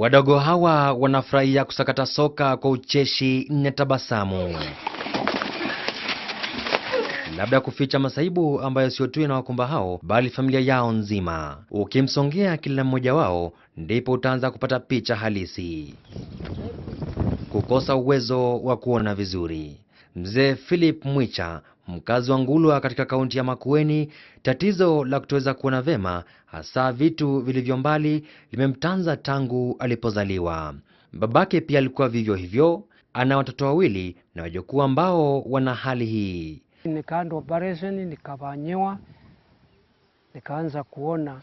Wadogo hawa wanafurahia kusakata soka kwa ucheshi na tabasamu, labda kuficha masaibu ambayo sio tu wakumba hao, bali familia yao nzima. Ukimsongea kila mmoja wao, ndipo utaanza kupata picha halisi. Kukosa uwezo wa kuona vizuri. Mzee Philip Mwicha Mkazi wa Ngulwa katika kaunti ya Makueni, tatizo la kutoweza kuona vyema hasa vitu vilivyo mbali limemtanza tangu alipozaliwa. Babake pia alikuwa vivyo hivyo, ana watoto wawili na wajukuu ambao wana hali hii. Nikaenda nikavanyiwa nikafanyiwa, nikaanza kuona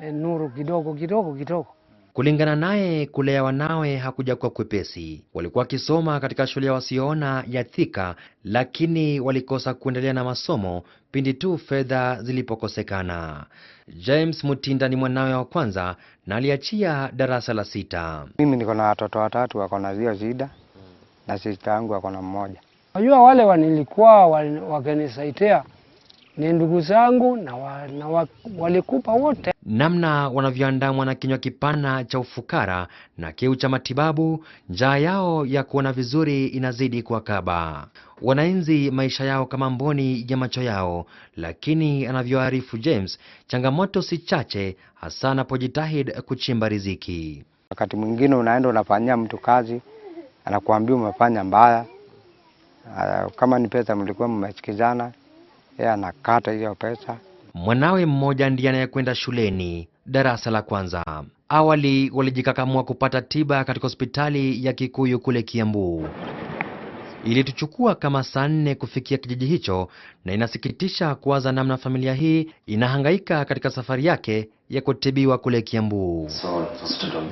e, nuru kidogo kidogo kidogo Kulingana naye, kulea wanawe hakujakuwa kwepesi. Walikuwa wakisoma katika shule ya wasioona ya Thika, lakini walikosa kuendelea na masomo pindi tu fedha zilipokosekana. James Mutinda ni mwanawe wa kwanza na aliachia darasa la sita. Mimi niko na watoto watatu wako na hiyo shida, na sista yangu wako na mmoja. Najua wale wanilikuwa wakinisaidia ni ndugu zangu na, wa, na wa, walikupa wote. Namna wanavyoandamwa na kinywa kipana cha ufukara na kiu cha matibabu, njaa yao ya kuona vizuri inazidi kuwakaba. Wanaenzi maisha yao kama mboni ya macho yao, lakini anavyoarifu James, changamoto si chache, hasa anapojitahidi kuchimba riziki. Wakati mwingine unaenda unafanyia mtu kazi, anakuambia umefanya mbaya, ah, kama ni pesa mlikuwa mmechikizana yeye anakata hiyo pesa. Mwanawe mmoja ndiye anayekwenda shuleni darasa la kwanza. Awali walijikakamua kupata tiba katika hospitali ya Kikuyu kule Kiambu. Ilituchukua kama saa nne kufikia kijiji hicho, na inasikitisha kuwaza namna familia hii inahangaika katika safari yake ya kutibiwa kule Kiambu.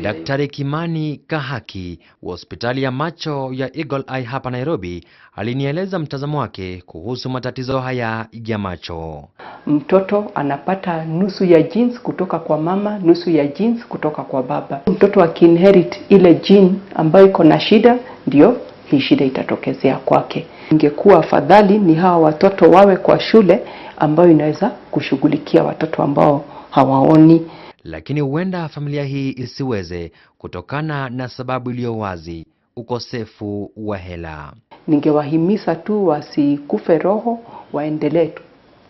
Daktari Kimani Kahaki wa hospitali ya macho ya Eagle Eye hapa Nairobi alinieleza mtazamo wake kuhusu matatizo haya ya macho. Mtoto anapata nusu ya genes kutoka kwa mama, nusu ya genes kutoka kwa baba. Mtoto akiinherit ile gene ambayo iko na shida, ndio hii shida itatokezea kwake. Ingekuwa afadhali ni hawa watoto wawe kwa shule ambayo inaweza kushughulikia watoto ambao hawaoni. Lakini huenda familia hii isiweze kutokana na sababu iliyo wazi, ukosefu wa hela. Ningewahimiza tu wasikufe roho, waendelee tu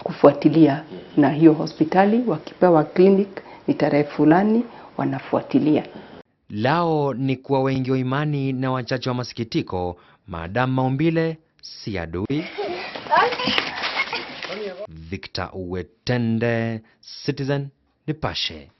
kufuatilia na hiyo hospitali, wakipewa clinic ni tarehe fulani wanafuatilia. Lao ni kuwa wengi wa imani na wachache wa masikitiko, maadamu maumbile si adui. Victor Uwetende, Citizen Nipashe.